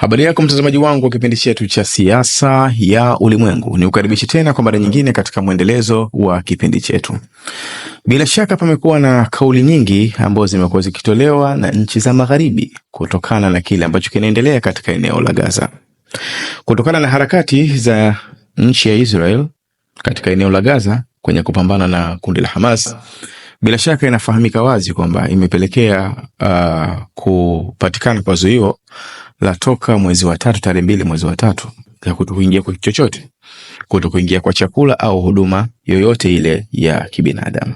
Habari yako mtazamaji wangu wa kipindi chetu cha siasa ya ulimwengu, ni ukaribishi tena kwa mara nyingine katika mwendelezo wa kipindi chetu. Bila shaka pamekuwa na kauli nyingi ambazo zimekuwa zikitolewa na nchi za magharibi kutokana na kile ambacho kinaendelea katika eneo la Gaza, kutokana na harakati za nchi ya Israel katika eneo la Gaza kwenye kupambana na kundi la Hamas. Bila shaka inafahamika wazi kwamba imepelekea uh, kupatikana kwa zuio la toka mwezi wa tatu tarehe mbili mwezi wa tatu ya kutokuingia kwa chochote, kutokuingia kwa chakula au huduma yoyote ile ya kibinadamu,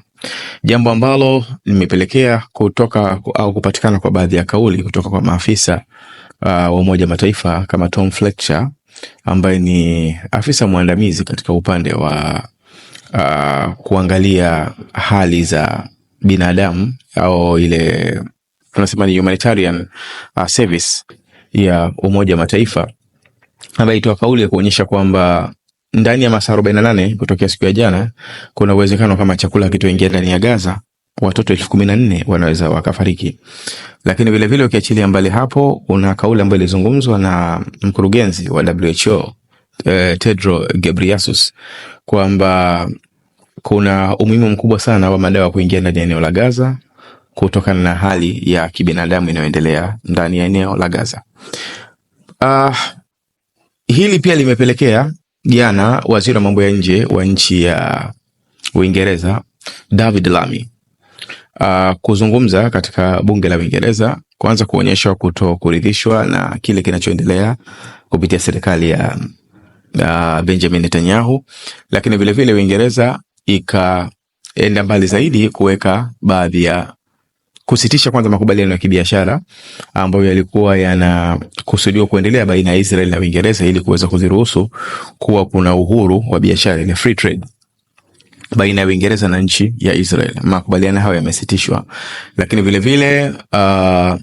jambo ambalo limepelekea kutoka au kupatikana kwa baadhi ya kauli kutoka kwa maafisa uh, wa Umoja Mataifa kama Tom Fletcher ambaye ni afisa mwandamizi katika upande wa uh, kuangalia hali za binadamu au ile tunasema ni humanitarian uh, service ya Umoja wa Mataifa ambayo ilitoa kauli ya kuonyesha kwamba ndani ya masaa arobaini na nane kutokea siku ya jana, kuna uwezekano kama chakula kitoingia ndani ya Gaza watoto elfu kumi na nne wanaweza wakafariki. Lakini vilevile ukiachilia mbali hapo, kuna kauli ambayo ilizungumzwa na mkurugenzi wa WHO eh, Tedros Ghebreyesus kwamba kuna umuhimu mkubwa sana wa madawa kuingia ndani ya eneo la Gaza kutokana na hali ya kibinadamu inayoendelea ndani ya eneo la Gaza. Uh, hili pia limepelekea jana waziri wa mambo ya nje wa nchi ya Uingereza David Lammy uh, kuzungumza katika bunge la Uingereza kwanza kuonyesha kuto kuridhishwa na kile kinachoendelea kupitia serikali ya uh, Benjamin Netanyahu, lakini vilevile Uingereza ikaenda mbali zaidi kuweka baadhi ya kusitisha kwanza makubaliano ya kibiashara ambayo yalikuwa yanakusudiwa kuendelea baina ya Israel na Uingereza ili kuweza kuziruhusu kuwa kuna uhuru wa biashara ile free trade baina ya Uingereza na nchi ya Israel. Makubaliano hayo yamesitishwa, lakini vilevile vile, uh,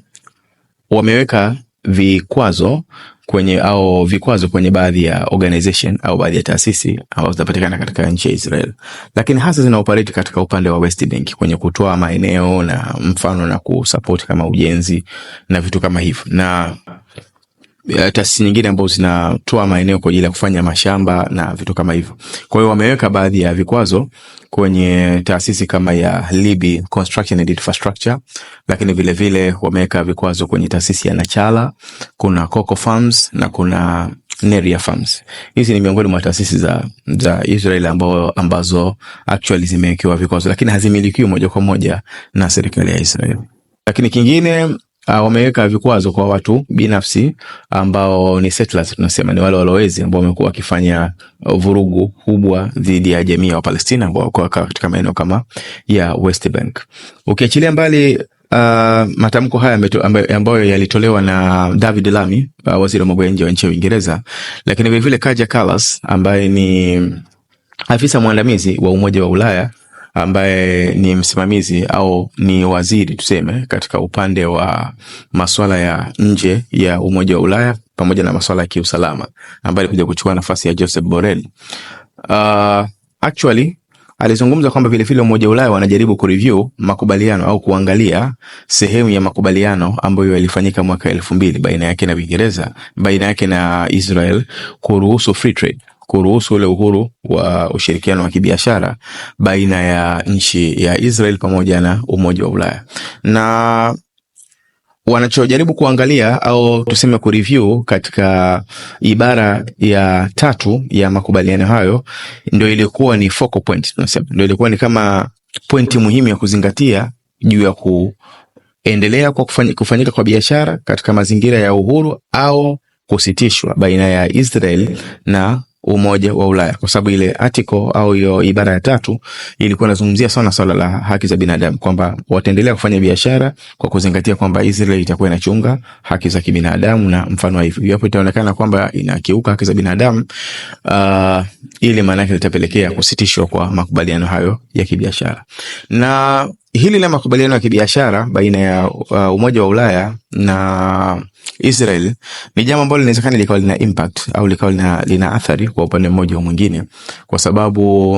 wameweka vikwazo kwenye au vikwazo kwenye baadhi ya organization au baadhi ya taasisi ambazo zinapatikana katika nchi ya Israel, lakini hasa zina operate katika upande wa West Bank kwenye kutoa maeneo na mfano na kusupport kama ujenzi na vitu kama hivyo na Eh, taasisi nyingine ambazo zinatoa maeneo kwa ajili ya kufanya mashamba na vitu kama hivyo. Kwa hiyo wameweka baadhi ya vikwazo kwenye taasisi kama ya Libi Construction and Infrastructure, lakini vile vile wameweka vikwazo kwenye taasisi ya Nachala, kuna Coco Farms na kuna Neria Farms. Hizi ni miongoni mwa taasisi za, za Israel ambao, ambazo actually zimewekewa vikwazo, lakini hazimilikiwi moja kwa moja na serikali ya Israel. Lakini kingine Uh, wameweka vikwazo kwa watu binafsi ambao ni settlers, tunasema ni wale walowezi ambao wamekuwa wakifanya vurugu kubwa dhidi ya jamii ya Wapalestina ambao wako katika maeneo kama ya West Bank. Ukiachilia mbali uh, matamko haya ambayo yalitolewa na David Lammy, uh, waziri wa mambo ya nje wa nchi ya Uingereza, lakini vilevile Kaja Kallas ambaye ni afisa mwandamizi wa Umoja wa Ulaya ambaye ni msimamizi au ni waziri tuseme, katika upande wa masuala ya nje ya Umoja wa Ulaya pamoja na masuala ya kiusalama, ambaye alikuja kuchukua nafasi ya Joseph Borrell. Uh, actually alizungumza kwamba vilevile Umoja wa Ulaya wanajaribu kureview makubaliano au kuangalia sehemu ya makubaliano ambayo yalifanyika mwaka elfu mbili baina yake na Uingereza, baina yake na Israel kuruhusu free trade kuruhusu ule uhuru wa ushirikiano wa kibiashara baina ya nchi ya Israel pamoja na Umoja wa Ulaya na wanachojaribu kuangalia au tuseme kureview katika ibara ya tatu ya makubaliano hayo, ndio ilikuwa ni focal point, ndio ilikuwa ni kama pointi muhimu ya kuzingatia juu ya kuendelea kwa kufanyika kwa biashara katika mazingira ya uhuru au kusitishwa baina ya Israel na Umoja wa Ulaya, kwa sababu ile article au hiyo ibara ya tatu ilikuwa inazungumzia sana swala la haki za binadamu, kwamba wataendelea kufanya biashara kwa kuzingatia kwamba Israel itakuwa inachunga haki za kibinadamu na mfano wa hivyo. Hapo itaonekana kwamba inakiuka haki za binadamu, uh, ile maana yake itapelekea kusitishwa kwa makubaliano hayo ya kibiashara na Hili la makubaliano ya kibiashara baina ya uh, Umoja wa Ulaya na Israel ni jambo ambalo linawezekana likawa lina impact au likawa lina, lina athari kwa upande mmoja au mwingine, kwa sababu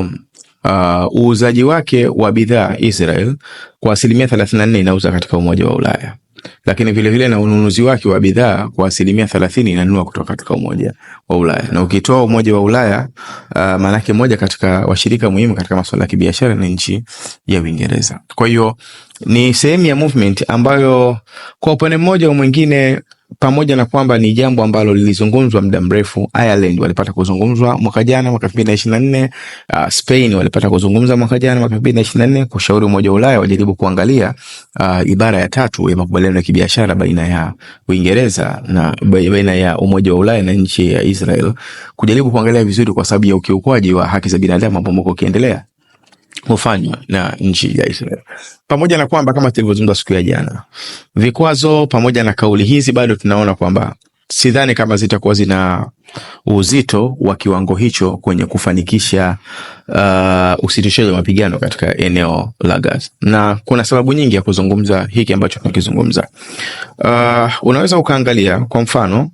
uh, uuzaji uh, wake wa bidhaa Israel kwa asilimia 34 inauza katika Umoja wa Ulaya lakini vilevile na ununuzi wake wa bidhaa kwa asilimia thelathini inanunua kutoka katika Umoja wa Ulaya. Na ukitoa Umoja wa Ulaya, uh, maanake moja katika washirika muhimu katika masuala ya kibiashara ni nchi ya Uingereza. Kwa hiyo ni sehemu ya movement ambayo kwa upande mmoja au mwingine pamoja na kwamba ni jambo ambalo lilizungumzwa muda mrefu. Ireland walipata kuzungumzwa mwaka jana, mwaka 2024. Uh, ah, Spain walipata kuzungumza mwaka jana, mwaka 2024, kushauri Umoja wa Ulaya wajaribu kuangalia uh, ibara ya tatu ya makubaliano ya kibiashara baina ya Uingereza na baina ya Umoja wa Ulaya na nchi ya Israel, kujaribu kuangalia vizuri kwa sababu ya ukiukwaji wa haki za binadamu ambao uko ukiendelea hufanywa na nchi ya Israel. Pamoja na kwamba kama tulivyozungumza siku ya jana, vikwazo pamoja na kauli hizi, bado tunaona kwamba sidhani kama zitakuwa zina uzito wa kiwango hicho kwenye kufanikisha uh, usitishaji wa mapigano katika eneo la Gaza, na kuna sababu nyingi ya kuzungumza hiki ambacho tunakizungumza. Uh, unaweza ukaangalia kwa mfano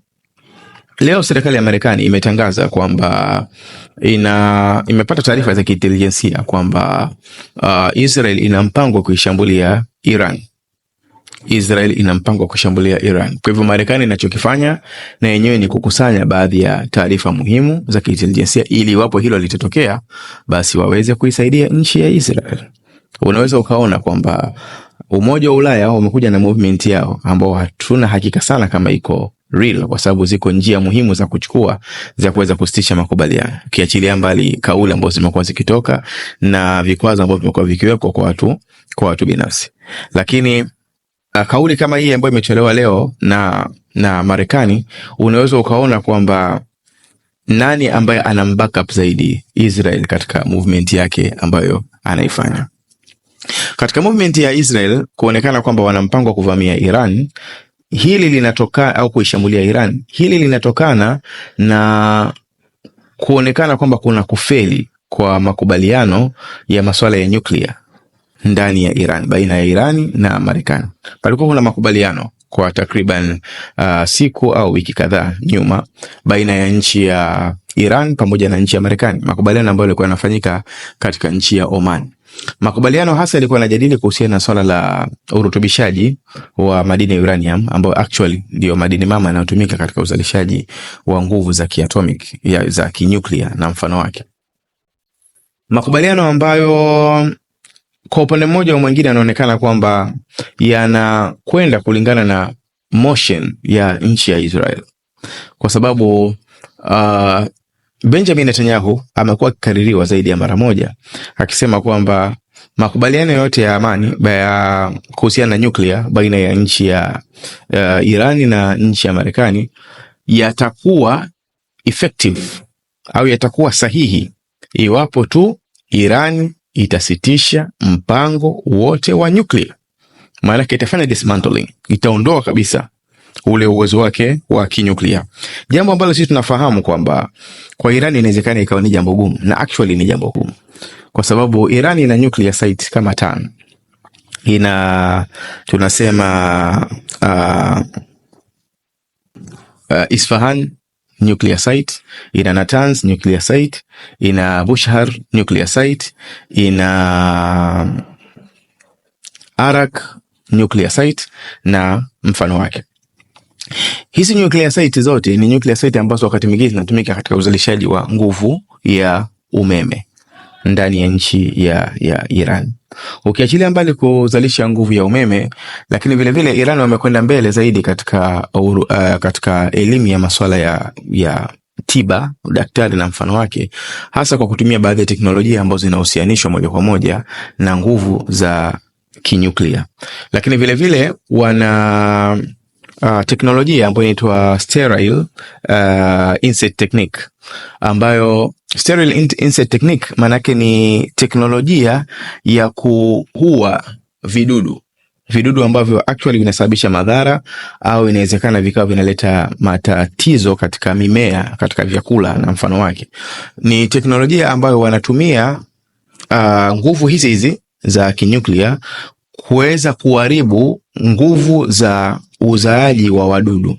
leo serikali ya Marekani imetangaza kwamba ina imepata taarifa za kiintelijensia kwamba uh, Israel ina mpango wa kuishambulia Iran. Israel ina mpango wa kushambulia Iran. Kwa hivyo Marekani inachokifanya na yenyewe ni kukusanya baadhi ya taarifa muhimu za kiintelijensia ili iwapo hilo litatokea, basi waweze kuisaidia nchi ya Israel. Unaweza ukaona kwamba Umoja wa Ulaya wamekuja na movement yao ambao hatuna hakika sana kama iko real, kwa sababu ziko njia muhimu za kuchukua za kuweza kusitisha makubaliano, ukiachilia mbali kauli ambazo zimekuwa zikitoka na vikwazo ambavyo vimekuwa vikiwekwa kwa watu kwa watu binafsi. Lakini uh, kauli kama hii ambayo imetolewa leo na na Marekani, unaweza ukaona kwamba nani ambaye ana backup zaidi Israel katika movement yake ambayo anaifanya katika movement ya Israel kuonekana kwamba wana mpango wa kuvamia Iran hili linatoka au kuishambulia Iran, hili linatokana na kuonekana kwamba kuna kufeli kwa makubaliano ya masuala ya nyuklia ndani ya Iran, baina ya Irani na Marekani. Palikuwa kuna makubaliano kwa takriban uh, siku au wiki kadhaa nyuma baina ya nchi ya Iran pamoja na nchi ya Marekani, makubaliano ambayo yalikuwa yanafanyika katika nchi ya Oman. Makubaliano hasa yalikuwa yanajadili kuhusiana na swala la urutubishaji wa madini ya uranium ambayo actually ndio madini mama yanayotumika katika uzalishaji wa nguvu za kiatomic ya, za kinyuklia na mfano wake. Makubaliano ambayo kwa upande mmoja au mwingine yanaonekana kwamba yanakwenda kulingana na motion ya nchi ya Israel kwa sababu uh, Benjamin Netanyahu amekuwa akikaririwa zaidi ya mara moja akisema kwamba makubaliano yote ya amani ya kuhusiana na nyuklia baina ya nchi ya uh, Irani na nchi ya Marekani yatakuwa effective au yatakuwa sahihi iwapo tu Irani itasitisha mpango wote wa nyuklia, maanake itafanya dismantling, itaondoa kabisa ule uwezo wake wa kinyuklia, jambo ambalo sisi tunafahamu kwamba kwa Iran inawezekana ikawa ni jambo gumu, na actually ni jambo gumu kwa sababu Iran ina nuclear site kama tano, ina tunasema uh, uh, Isfahan nuclear site, ina Natanz nuclear site, ina Bushhar nuclear site, ina um, Arak nuclear site na mfano wake. Hizi nuclear site zote ni nuclear site ambazo wakati mwingine zinatumika katika uzalishaji wa nguvu ya umeme ndani ya nchi ya, ya Iran. Ukiachilia mbali kuzalisha nguvu ya umeme, lakini vilevile Iran wamekwenda mbele zaidi katika, uh, katika elimu ya masuala ya, ya tiba daktari na mfano wake, hasa kwa kutumia baadhi ya teknolojia ambazo zinahusianishwa moja kwa moja na nguvu za kinyuklia, lakini vilevile wana uh, teknolojia ambayo inaitwa sterile uh, inset technique ambayo sterile inset technique yake ni teknolojia ya kuua vidudu vidudu ambavyo actually vinasababisha madhara au inawezekana vikawa vinaleta matatizo katika mimea, katika vyakula na mfano wake. Ni teknolojia ambayo wanatumia uh, nguvu hizi hizi za kinyuklia kuweza kuharibu nguvu za uzaaji wa wadudu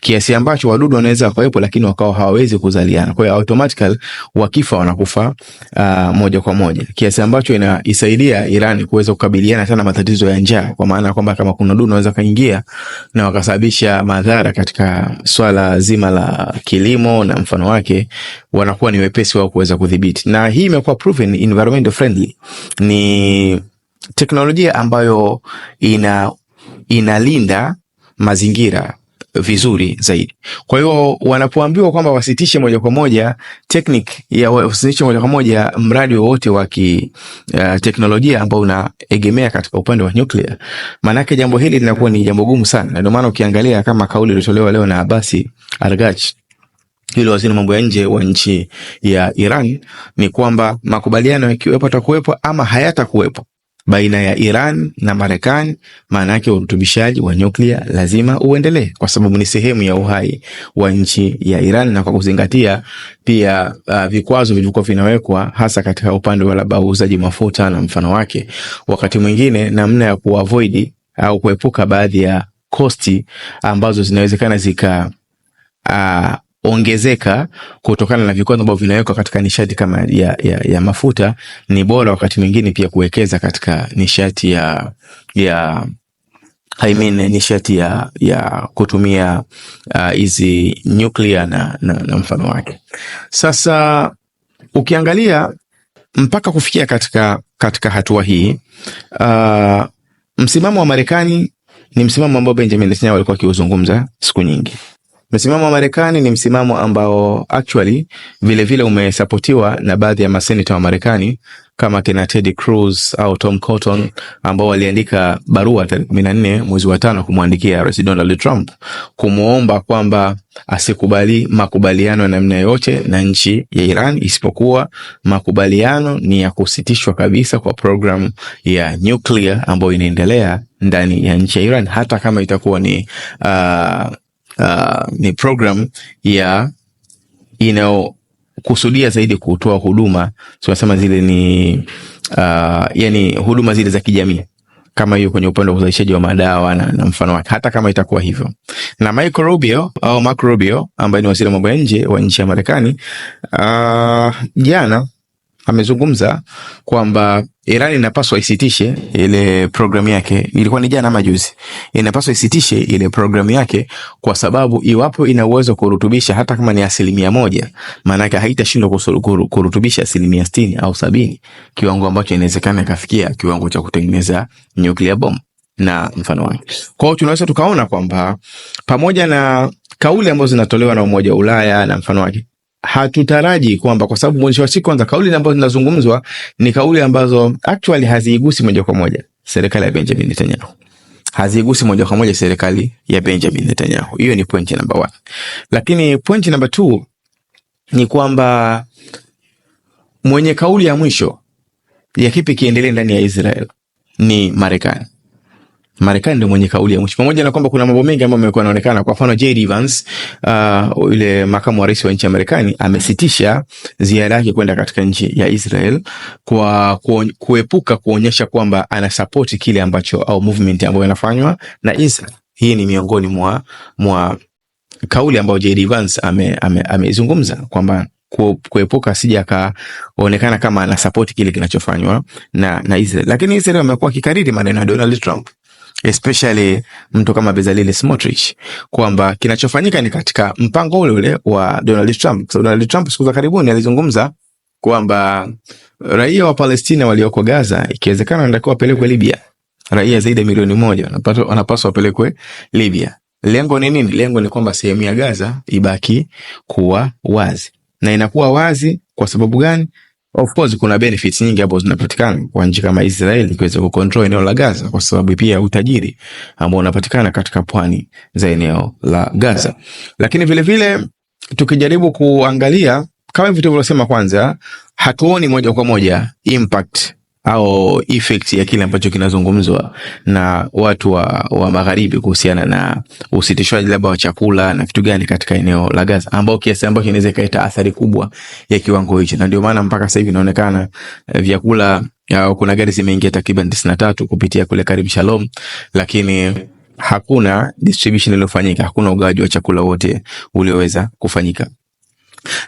kiasi ambacho wadudu wanaweza wakawepo lakini wakawa hawawezi kuzaliana. Kwa hiyo automatically wakifa wanakufa uh, moja kwa moja, kiasi ambacho inaisaidia Iran kuweza kukabiliana sana matatizo ya njaa, kwa maana kwamba kama kuna dudu wanaweza kaingia na wakasababisha madhara katika swala zima la kilimo na mfano wake, wanakuwa ni wepesi wao kuweza kudhibiti, na hii imekuwa proven environment friendly. Ni teknolojia ambayo ina inalinda mazingira vizuri zaidi. Kwa hiyo wanapoambiwa kwamba wasitishe moja kwa moja teknik ya wasitishe moja kwa moja mradi wowote wa kiteknolojia eh, uh, ambao unaegemea katika upande wa nyuklia, maanake jambo hili linakuwa ni jambo gumu sana, na ndio maana ukiangalia kama kauli iliyotolewa leo na Abasi Argach yule waziri mambo ya nje wa nchi ya Iran ni kwamba makubaliano yakiwepo, atakuwepo ama hayatakuwepo, baina ya Iran na Marekani, maana yake urutubishaji wa nyuklia lazima uendelee, kwa sababu ni sehemu ya uhai wa nchi ya Iran, na kwa kuzingatia pia uh, vikwazo vilivyokuwa vinawekwa hasa katika upande wa labda uuzaji mafuta na mfano wake, wakati mwingine namna ya kuavoid au kuepuka baadhi ya kosti ambazo zinawezekana zika uh, ongezeka kutokana na vikwazo ambavyo vinawekwa katika nishati kama ya, ya, ya mafuta, ni bora wakati mwingine pia kuwekeza katika nishati ya, ya I mean, nishati ya, ya kutumia uh, hizi uh, nyuklia na, na, na mfano wake. Sasa ukiangalia mpaka kufikia katika, katika hatua hii uh, msimamo wa Marekani ni msimamo ambao Benjamin Netanyahu alikuwa akiuzungumza siku nyingi. Msimamo wa Marekani ni msimamo ambao actually vilevile umesapotiwa na baadhi ya maseneta wa Marekani kama kina Ted Cruz au Tom Cotton ambao waliandika barua tarehe kumi na nne mwezi wa tano kumwandikia Rais Donald Trump kumwomba kwamba asikubali makubaliano ya namna yoyote na nchi ya Iran isipokuwa makubaliano ni ya kusitishwa kabisa kwa programu ya nyuklia ambayo inaendelea ndani ya nchi ya Iran hata kama itakuwa ni uh, uh, ni program ya inayokusudia zaidi kutoa huduma tunasema zile ni uh, yani huduma zile za kijamii kama hiyo kwenye upande wa uzalishaji wa madawa na, na mfano wake, hata kama itakuwa hivyo. Na Marco Rubio au Marco Rubio ambaye ni waziri wa mambo ya nje wa nchi ya Marekani uh, jana uh, amezungumza kwamba Iran inapaswa isitishe ile programu yake, ilikuwa ni jana ama juzi, inapaswa isitishe ile programu yake, kwa sababu iwapo ina uwezo kurutubisha hata kama ni asilimia moja, maana yake haitashindwa kurutubisha asilimia sitini au sabini, kiwango ambacho inawezekana ikafikia kiwango cha kutengeneza nuclear bomb na mfano wake. Kwa hiyo tunaweza tukaona kwamba pamoja na kauli ambazo zinatolewa na Umoja wa Ulaya na mfano wake hatutaraji kwamba kwa sababu mwisho wa siku, kwanza kauli ambazo zinazungumzwa ni kauli ambazo actually haziigusi moja kwa moja serikali ya Benjamin Netanyahu, haziigusi moja kwa moja serikali ya Benjamin Netanyahu. Hiyo ni point number one, lakini point number two ni kwamba mwenye kauli ya mwisho ya kipi kiendelee ndani ya Israel ni Marekani. Marekani ndio mwenye kauli ya mwisho, pamoja na kwamba kuna mambo mengi ambayo yamekuwa yanaonekana. Kwa mfano, J D Vance uh, ule makamu wa rais wa nchi ya Marekani amesitisha ziara yake kwenda katika nchi ya Israel kwa kuepuka kuonyesha kwamba ana anasapoti kile ambacho au movement ambayo inafanywa na Israel. Hii ni miongoni mwa mwa kauli ambayo J D Vance ameizungumza ame, ame kwamba kuepuka sija akaonekana kama anasapoti kile kinachofanywa na, na Israel, lakini Israel amekuwa kikariri maneno ya Donald Trump especially mtu kama Bezalel Smotrich kwamba kinachofanyika ni katika mpango ule ule wa Donald Trump. So Donald Trump siku za karibuni alizungumza kwamba raia wa Palestina walioko Gaza ikiwezekana wanatakiwa wapelekwe Libya. Raia zaidi ya milioni moja wanapaswa wapelekwe Libya. Lengo ni nini? Lengo ni kwamba sehemu ya Gaza ibaki kuwa wazi, na inakuwa wazi kwa sababu gani? Of course kuna benefits nyingi hapo zinapatikana kwa nchi kama Israeli kuweza kucontrol eneo la Gaza kwa sababu pia utajiri ambao unapatikana katika pwani za eneo la Gaza. Lakini vile vile tukijaribu kuangalia kama vitu vilivyosema, kwanza hatuoni moja kwa moja impact au effect ya kile ambacho kinazungumzwa na watu wa, wa magharibi kuhusiana na usitishwaji labda wa chakula na vitu gani katika eneo la Gaza, ambao kiasi ambacho inaweza ikaleta athari kubwa ya kiwango hicho, na ndio maana mpaka sasa hivi inaonekana eh, vyakula au kuna gari zimeingia takriban tisini na tatu kupitia kule Karim Shalom, lakini hakuna distribution iliyofanyika, hakuna ugawaji wa chakula wote ulioweza kufanyika.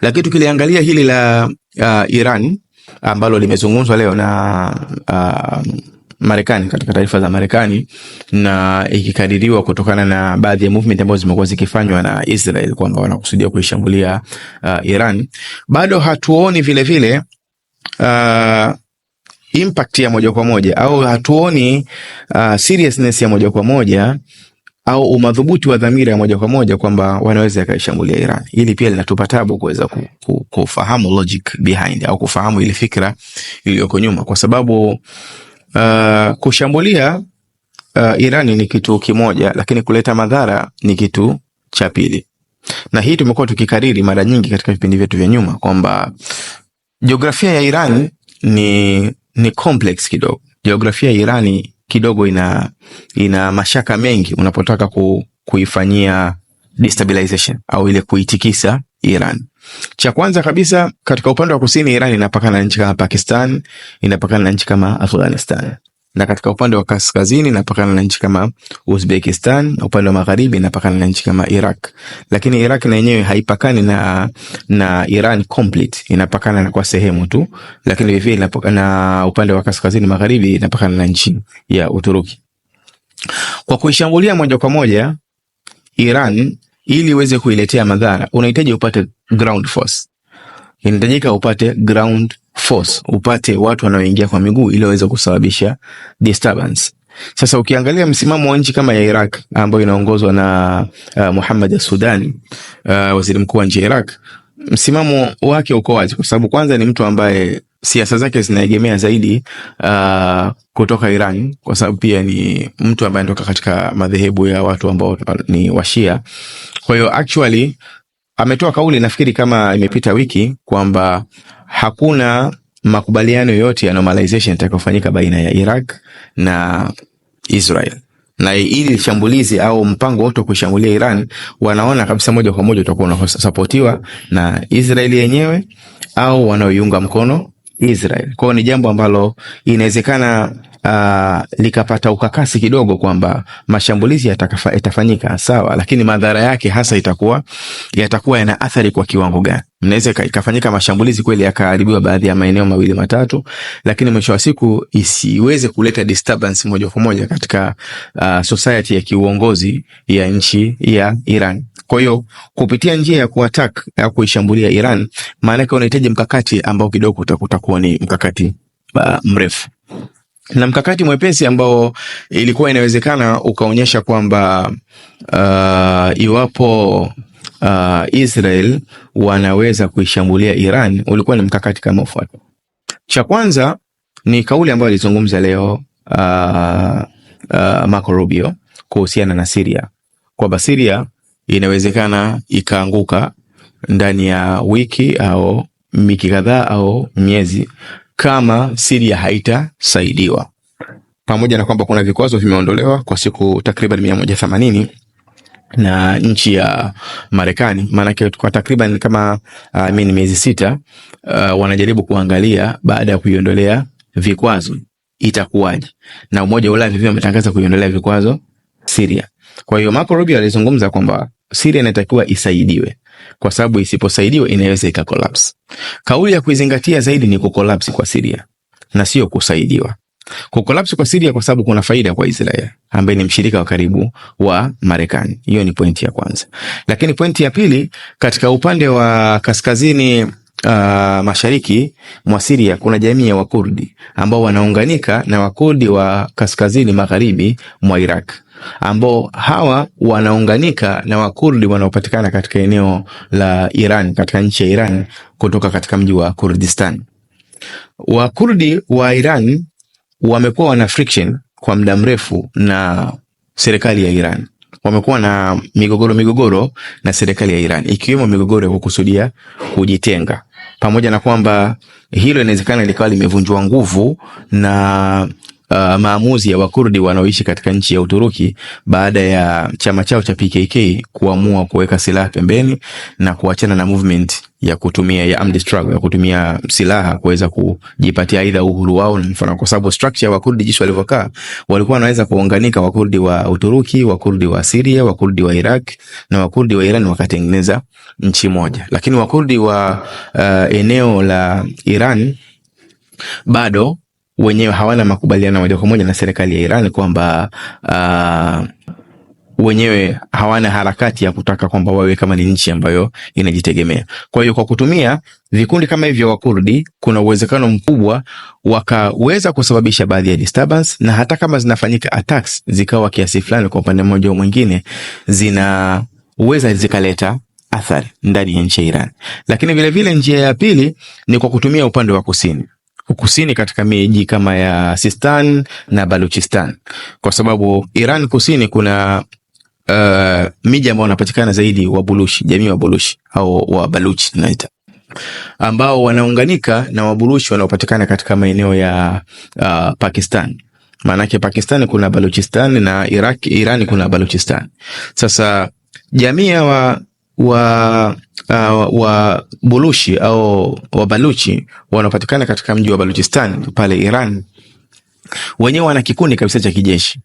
Lakini tukiliangalia hili la uh, Iran ambalo limezungumzwa leo na uh, Marekani katika taarifa za Marekani na ikikadiriwa kutokana na baadhi ya movement ambazo zimekuwa zikifanywa na Israel kwamba wanakusudia kuishambulia uh, Iran, bado hatuoni vilevile vile, uh, impact ya moja kwa moja au hatuoni uh, seriousness ya moja kwa moja au umadhubuti wa dhamira ya moja kwa moja kwamba wanaweza yakaishambulia Iran. Hili pia linatupa tabu kuweza kufahamu logic behind au kufahamu ile fikra iliyoko nyuma, kwa sababu uh, kushambulia uh, Iran ni kitu kimoja, lakini kuleta madhara ni kitu cha pili, na hii tumekuwa tukikariri mara nyingi katika vipindi vyetu vya nyuma kwamba jiografia ya Iran ni, ni complex kidogo. Jiografia ya Irani kidogo ina, ina mashaka mengi unapotaka ku, kuifanyia destabilization au ile kuitikisa Iran. Cha kwanza kabisa katika upande wa kusini, Iran inapakana na nchi kama Pakistan, inapakana na nchi kama Afghanistan na katika upande wa kaskazini inapakana na nchi kama Uzbekistan na upande wa magharibi inapakana na nchi kama Iraq. Lakini Iraq na yenyewe haipakani na, na Iran complete, inapakana na kwa sehemu tu, lakini vivyo na upande wa kaskazini magharibi inapakana na nchi ya Uturuki. Kwa kuishambulia moja kwa moja Iran, ili uweze kuiletea madhara, unahitaji upate ground force, inahitajika upate ground force, upate watu wanaoingia kwa miguu ili waweze kusababisha disturbance. Sasa ukiangalia msimamo wa nchi kama ya Iraq ambayo inaongozwa na uh, Muhammad Sudani uh, waziri mkuu wa nchi ya Iraq, msimamo wake uko wazi, kwa sababu kwanza ni mtu ambaye siasa zake zinaegemea zaidi uh, kutoka Iran kwa sababu pia ni mtu ambaye anatoka katika madhehebu ya watu ambao ni Washia. Kwa hiyo actually ametoa kauli, nafikiri kama imepita wiki, kwamba hakuna makubaliano yote ya normalization yatakayofanyika baina ya Iraq na Israel na ili shambulizi au mpango wote kushambulia Iran, wanaona kabisa moja kwa moja utakuwa unasapotiwa na Israeli yenyewe au wanaoiunga mkono Israel. Kwa ni jambo ambalo inawezekana Ah, likapata ukakasi kidogo kwamba mashambulizi yatafanyika sawa, lakini madhara yake hasa itakuwa yatakuwa yana athari kwa kiwango gani? Mnaweza ikafanyika mashambulizi kweli yakaharibiwa baadhi ya maeneo mawili matatu, lakini mwisho wa siku isiweze kuleta disturbance moja kwa moja katika uh, society ya kiuongozi ya nchi ya Iran. Kwa hiyo kupitia njia ya kuattack ya kuishambulia Iran, maana yake unahitaji mkakati ambao kidogo utakuwa ni mkakati uh, mrefu na mkakati mwepesi ambao ilikuwa inawezekana ukaonyesha kwamba uh, iwapo uh, Israel wanaweza kuishambulia Iran ulikuwa ni mkakati kama ufuatao. Cha kwanza ni kauli ambayo alizungumza leo uh, uh, Marco Rubio kuhusiana na Syria kwamba Syria inawezekana ikaanguka ndani ya wiki au wiki kadhaa au miezi kama Siria haitasaidiwa. Pamoja na kwamba kuna vikwazo vimeondolewa kwa siku takriban mia moja themanini na nchi ya Marekani, maanake kwa takriban kama uh, mimi miezi sita uh, wanajaribu kuangalia baada ya kuiondolea vikwazo itakuwaje, na Umoja wa Ulaya vivyo umetangaza kuiondolea vikwazo Siria. Kwa hiyo Marco Rubio alizungumza kwamba Siria inatakiwa isaidiwe kwa sababu isiposaidiwa inaweza ikakolapsi. Kauli ya kuizingatia zaidi ni kukolapsi kwa Siria na sio kusaidiwa. Kukolapsi kwa Siria kwa sababu kuna faida kwa Israel ambaye ni mshirika wa karibu wa Marekani. Hiyo ni pointi ya kwanza, lakini pointi ya pili, katika upande wa kaskazini uh, mashariki mwa Siria kuna jamii ya Wakurdi ambao wanaunganika na Wakurdi wa kaskazini magharibi mwa Iraq ambao hawa wanaunganika na Wakurdi wanaopatikana katika eneo la Iran, katika nchi ya Iran kutoka katika mji wa Kurdistan. Wakurdi wa Iran wamekuwa wana friction kwa muda mrefu na serikali ya Iran, wamekuwa na migogoro migogoro na serikali ya Iran, ikiwemo migogoro ya kukusudia kujitenga, pamoja na kwamba hilo inawezekana likawa limevunjwa nguvu na uh, maamuzi ya Wakurdi wanaoishi katika nchi ya Uturuki baada ya chama chao cha PKK kuamua kuweka silaha pembeni na kuachana na movement ya kutumia ya armed struggle ya kutumia silaha kuweza kujipatia aidha uhuru wao na mfano, kwa sababu structure ya Wakurdi jinsi walivyokaa, walikuwa wanaweza kuunganika Wakurdi wa Uturuki, Wakurdi wa Syria, Wakurdi wa Iraq na Wakurdi wa Iran wakatengeneza nchi moja, lakini Wakurdi wa uh, eneo la Iran bado wenyewe hawana makubaliano moja kwa moja na serikali ya Iran kwamba uh, wenyewe hawana harakati ya kutaka kwamba wawe kama ni nchi ambayo inajitegemea. Kwa hiyo kwa kutumia vikundi kama hivyo Wakurdi, kuna uwezekano mkubwa wakaweza kusababisha baadhi ya disturbance, na hata kama zinafanyika attacks zikawa kiasi fulani kwa upande mmoja au mwingine, zinaweza zikaleta athari ndani ya nchi ya Iran. Lakini vilevile njia ya pili ni kwa kutumia upande wa kusini kusini katika miji kama ya Sistan na Baluchistan, kwa sababu Iran kusini kuna uh, miji ambao wanapatikana zaidi wa Bulushi, jamii wa Bulushi au wa Baluchi tunaita ambao wanaunganika na wabulushi wanaopatikana katika maeneo ya uh, Pakistan. Maanake Pakistan kuna Baluchistan na Iraq, Iran kuna Baluchistan. Sasa jamii wa wa, uh, wa Bulushi au Wabaluchi wanaopatikana katika mji wa Baluchistan pale Iran, wenyewe wana kikundi kabisa cha kijeshi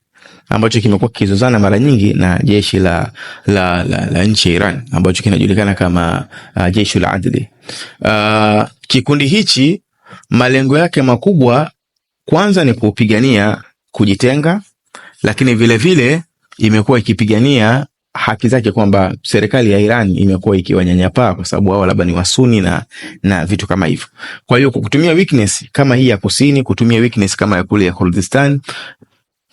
ambacho kimekuwa kikizozana mara nyingi na jeshi la, la, la, la nchi ya Iran ambacho kinajulikana kama uh, jeshi la adli. Uh, kikundi hichi malengo yake makubwa kwanza ni kupigania kujitenga, lakini vilevile imekuwa ikipigania haki zake kwamba serikali ya Iran imekuwa ikiwanyanyapaa kwa sababu wao labda ni wasuni na, na vitu kama hivyo. Kwa hiyo kutumia weakness kama hii ya kusini, kutumia weakness kama ya kule ya Kurdistan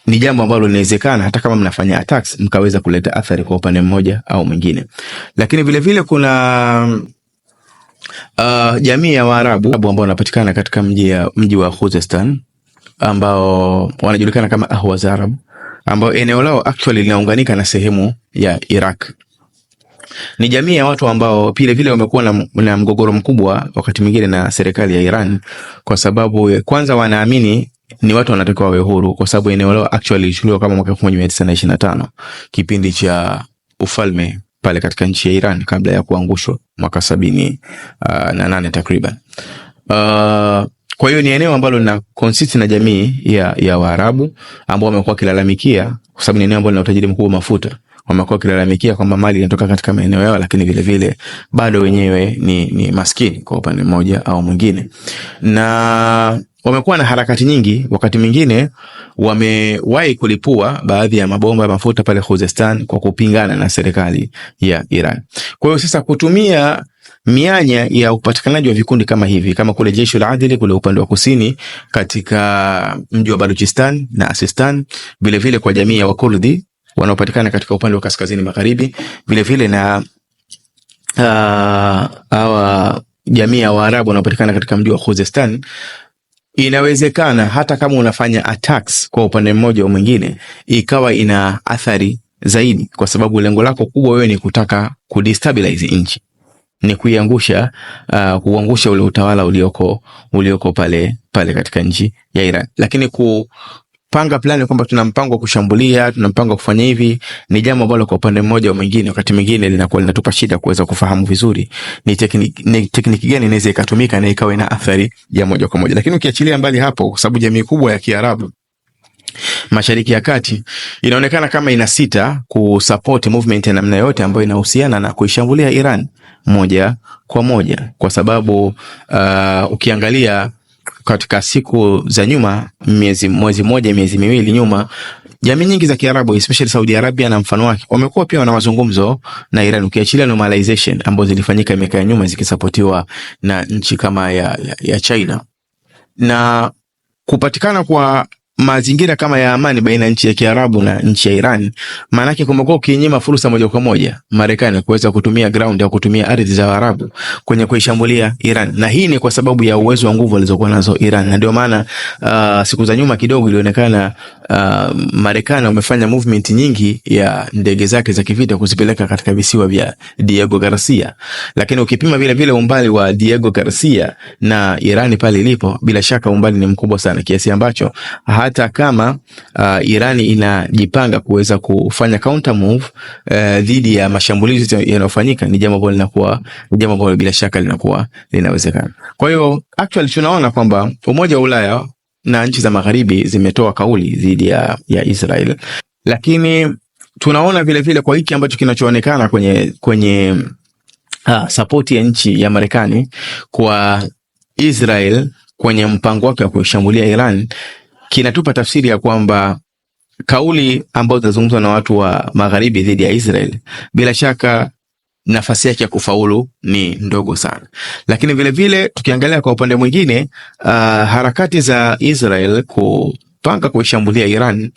ni jambo ambalo linawezekana hata kama mnafanya attacks mkaweza kuleta athari kwa upande mmoja au mwingine. Lakini vile vile kuna uh, jamii ya Waarabu ambao wanapatikana katika mji ya mji wa Khuzestan ambao wanajulikana kama Ahwaz Arab ambayo eneo lao actually linaunganika na sehemu ya Iraq. Ni jamii ya watu ambao vile vile wamekuwa na, na mgogoro mkubwa wakati mwingine na serikali ya Iran, kwa sababu kwanza wanaamini ni watu wanatakiwa wawe huru, kwa sababu eneo lao actually lilichukuliwa kama mwaka 1925 kipindi cha ufalme pale katika nchi ya Iran kabla ya kuangushwa mwaka sabini uh, na nane takriban uh, kwa hiyo ni eneo ambalo lina consist na jamii ya, ya Waarabu ambao wamekuwa kilalamikia kwa sababu ni eneo ambalo lina utajiri mkubwa wa mafuta wamekuwa kilalamikia kwamba mali inatoka katika maeneo yao, lakini vile vile bado wenyewe ni, ni maskini kwa upande mmoja au mwingine, na wamekuwa na harakati nyingi. Wakati mwingine wamewahi kulipua baadhi ya mabomba ya mafuta pale Khuzestan kwa kupingana na serikali ya Iran. Kwa hiyo sasa kutumia mianya ya upatikanaji wa vikundi kama hivi kama kule jeshi la Adili kule upande wa kusini katika mji wa Baluchistan na Asistan, vile vile kwa jamii ya Wakurdi wanaopatikana katika upande wa kaskazini magharibi, vile vile na uh, ah, awa jamii ya Waarabu wanaopatikana katika mji wa Khuzestan. Inawezekana hata kama unafanya attacks kwa upande mmoja au mwingine, ikawa ina athari zaidi, kwa sababu lengo lako kubwa wewe ni kutaka kudestabilize nchi ni kuiangusha uh, kuangusha ule utawala ulioko ulioko pale pale katika nchi ya Iran. Lakini kupanga plani kwamba tuna mpango wa kushambulia, tuna mpango wa kufanya hivi, ni jambo ambalo kwa upande mmoja au mwingine, wakati mwingine linakuwa linatupa shida kuweza kufahamu vizuri ni tekniki, ni tekniki gani inaweza ikatumika na ikawa ina athari ya moja kwa moja. Lakini ukiachilia mbali hapo, kwa sababu jamii kubwa ya Kiarabu Mashariki ya Kati inaonekana kama ina sita kusupport movement ya namna yote ambayo inahusiana na kuishambulia Iran moja kwa moja, kwa sababu uh, ukiangalia katika siku za nyuma, miezi mwezi mmoja miezi miwili nyuma, jamii nyingi za Kiarabu especially Saudi Arabia na mfano wake wamekuwa pia wana mazungumzo na Iran, ukiachilia normalization ambazo zilifanyika miaka ya nyuma zikisapotiwa na nchi kama ya, ya China na kupatikana kwa mazingira kama ya amani baina ya nchi ya Kiarabu na nchi ya Iran, maanake kumekuwa ukinyima fursa moja kwa moja Marekani kuweza kutumia ground ya kutumia ardhi za Waarabu kwenye kuishambulia Iran, na hii ni kwa sababu ya uwezo wa nguvu alizokuwa nazo Iran, na ndio maana uh, siku za nyuma kidogo ilionekana uh, Marekani wamefanya movement nyingi ya ndege zake za kivita kuzipeleka katika visiwa vya Diego Garcia, lakini ukipima vile vile umbali wa Diego Garcia na Iran pale ilipo, bila shaka umbali ni mkubwa sana kiasi ambacho hata kama uh, Irani inajipanga kuweza kufanya counter move uh, dhidi ya mashambulizi yanayofanyika, ni jambo ambalo linakuwa ni jambo ambalo bila shaka linakuwa linawezekana. Kwa hiyo actually tunaona kwamba Umoja wa Ulaya na nchi za magharibi zimetoa kauli dhidi ya, ya Israel, lakini tunaona vilevile vile kwa hiki ambacho kinachoonekana kwenye, kwenye uh, sapoti ya nchi ya Marekani kwa Israel kwenye mpango wake wa kushambulia Iran kinatupa tafsiri ya kwamba kauli ambazo zinazungumzwa na watu wa magharibi dhidi ya Israel bila shaka nafasi yake ya kufaulu ni ndogo sana, lakini vilevile vile, tukiangalia kwa upande mwingine uh, harakati za Israel kupanga kuishambulia Iran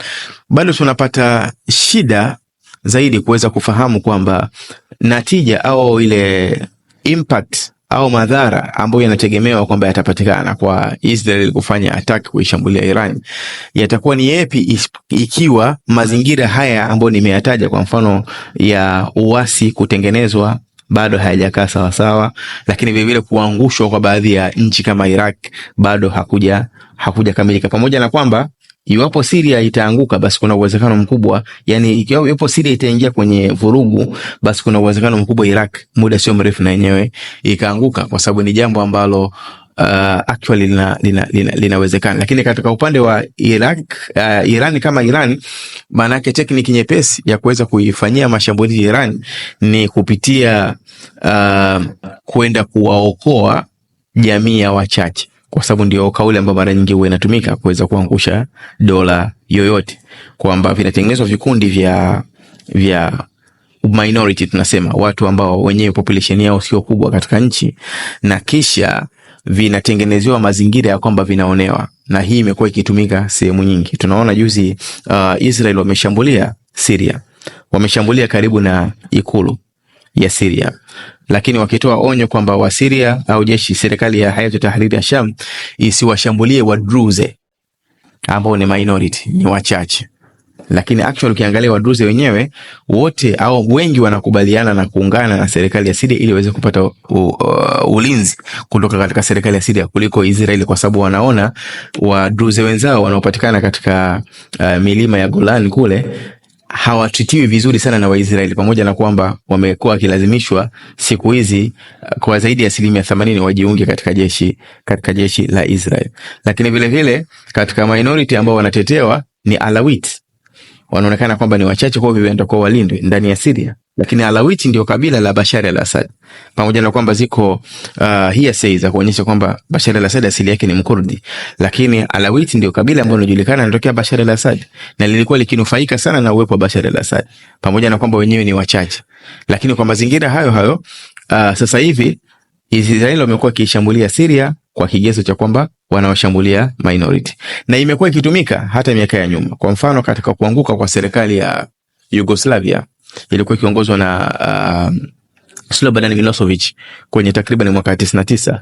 bado tunapata shida zaidi kuweza kufahamu kwamba natija au ile impact au madhara ambayo yanategemewa kwamba yatapatikana kwa Israel kufanya attack kuishambulia Iran yatakuwa ni yapi, ikiwa mazingira haya ambayo nimeyataja, kwa mfano ya uasi kutengenezwa bado hayajakaa sawasawa, lakini vilevile kuangushwa kwa baadhi ya nchi kama Iraq bado hakuja hakuja kamilika pamoja na kwamba Iwapo Syria itaanguka, basi kuna uwezekano mkubwa yani, iwapo Syria itaingia kwenye vurugu, basi kuna uwezekano mkubwa Iraq muda sio mrefu na yenyewe ikaanguka, kwa sababu ni jambo ambalo Uh, actually lina, lina, lina, linawezekana, lakini katika upande wa Iraq, uh, Iran kama Iran, maana yake tekniki nyepesi ya kuweza kuifanyia mashambulizi Iran ni kupitia uh, kwenda kuwaokoa jamii ya wachache kwa sababu ndio kauli ambayo mara nyingi huwa inatumika kuweza kuangusha dola yoyote, kwamba vinatengenezwa vikundi vya vya minority, tunasema watu ambao wenyewe population yao sio kubwa katika nchi, na kisha vinatengenezewa mazingira ya kwamba vinaonewa, na hii imekuwa ikitumika sehemu nyingi. Tunaona juzi uh, Israel wameshambulia Syria, wameshambulia karibu na ikulu ya Syria, lakini wakitoa onyo kwamba Wasiria au jeshi serikali ya Hayat Tahrir ya Sham isiwashambulie Wadruze ambao ni minority, ni wachache lakini actual ukiangalia Waduze wenyewe wote au wengi wanakubaliana na kuungana na serikali ya Siria ili waweze kupata u, uh, ulinzi kutoka katika serikali ya Siria kuliko Israeli, kwa sababu wanaona Waduze wenzao wanaopatikana katika uh, milima ya Golan kule hawatitiwi vizuri sana na Waisraeli pamoja na kwamba wamekuwa wakilazimishwa siku hizi uh, kwa zaidi ya asilimia themanini wajiunge katika jeshi, katika jeshi la israel Lakini vilevile katika minority ambao wanatetewa ni Alawit wanaonekana kwamba ni wachache, kwa vivenda kwa walindwe ndani ya Syria, lakini Alawiti ndio kabila la Bashar al-Assad, pamoja na kwamba ziko uh, hearsay za kuonyesha kwamba Bashar al-Assad asili yake ni Mkurdi, lakini Alawiti ndio kabila ambalo linajulikana linatokea Bashar al-Assad na lilikuwa likinufaika sana na uwepo wa Bashar al-Assad, pamoja na kwamba wenyewe ni wachache, lakini kwa mazingira hayo hayo, uh, sasa hivi Israeli wamekuwa kiishambulia Syria kwa kigezo cha kwamba wanawashambulia minority, na imekuwa ikitumika hata miaka ya nyuma. Kwa mfano, katika kuanguka kwa serikali ya Yugoslavia ilikuwa ikiongozwa na uh, Slobodan Milosevic kwenye takriban mwaka 99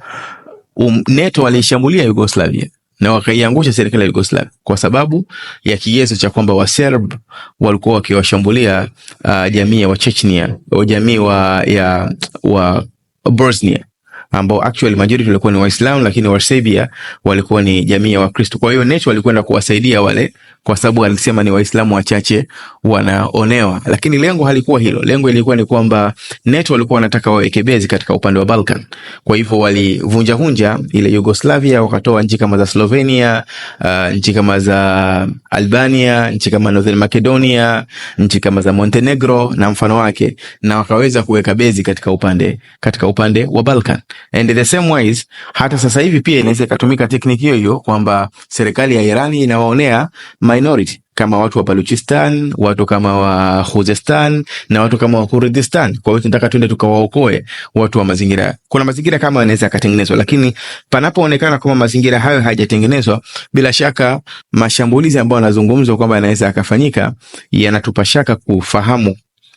um, NATO walishambulia Yugoslavia na wakaiangusha serikali ya Yugoslavia kwa sababu ya kigezo cha kwamba Waserb walikuwa wakiwashambulia uh, jamii ya Wachechnia, jamii wa, ya, wa Bosnia ambao actually majority walikuwa ni Waislamu, lakini Waserbia walikuwa ni jamii ya Wakristo. Kwa hiyo Nature walikwenda kuwasaidia wale, kwa sababu alisema ni Waislamu wachache wanaonewa, lakini lengo halikuwa hilo. Lengo ilikuwa ni kwamba Necho walikuwa wanataka wawekebezi katika upande wa Balkan. Kwa hivyo walivunja hunja ile Yugoslavia, wakatoa nchi kama za Slovenia, uh, nchi kama za Albania, nchi kama Northern Macedonia, nchi kama za Montenegro na mfano wake, na wakaweza kuweka bezi katika upande katika upande wa Balkan. And the same ways, hata sasa hivi pia inaweza ikatumika tekniki hiyo hiyo kwamba serikali ya Irani inawaonea minority kama watu wa Baluchistan, watu kama wa Khuzestan na watu kama wa Kurdistan. Kwa hiyo tunataka twende tukawaokoe watu wa mazingira. Kuna mazingira kama yanaweza yakatengenezwa, lakini panapoonekana kama mazingira hayo hayajatengenezwa, bila shaka mashambulizi ambayo yanazungumzwa kwamba yanaweza yakafanyika yanatupa shaka kufahamu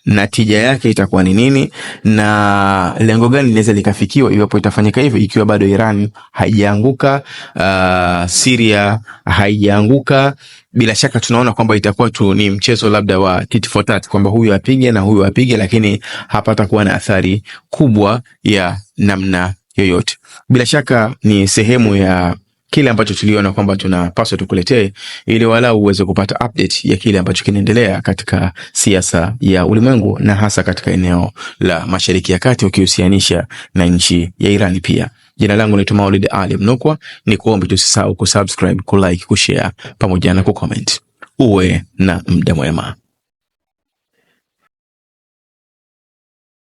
na tija yake itakuwa ni nini na lengo gani linaweza likafikiwa iwapo itafanyika hivyo, ikiwa bado Iran haijaanguka, uh, Syria haijaanguka. Bila shaka tunaona kwamba itakuwa tu ni mchezo labda wa tit kwamba huyu apige na huyu apige, lakini hapatakuwa na athari kubwa ya namna yoyote. Bila shaka ni sehemu ya kile ambacho tuliona kwamba tunapaswa tukuletee, ili walau uweze kupata update ya kile ambacho kinaendelea katika siasa ya ulimwengu na hasa katika eneo la Mashariki ya Kati ukihusianisha na nchi ya Irani pia. Jina langu ni Maulid Ali Mnukwa, ni kuombe tusisahau kusubscribe, kulike, kushare pamoja na kucomment. Uwe na mda mwema.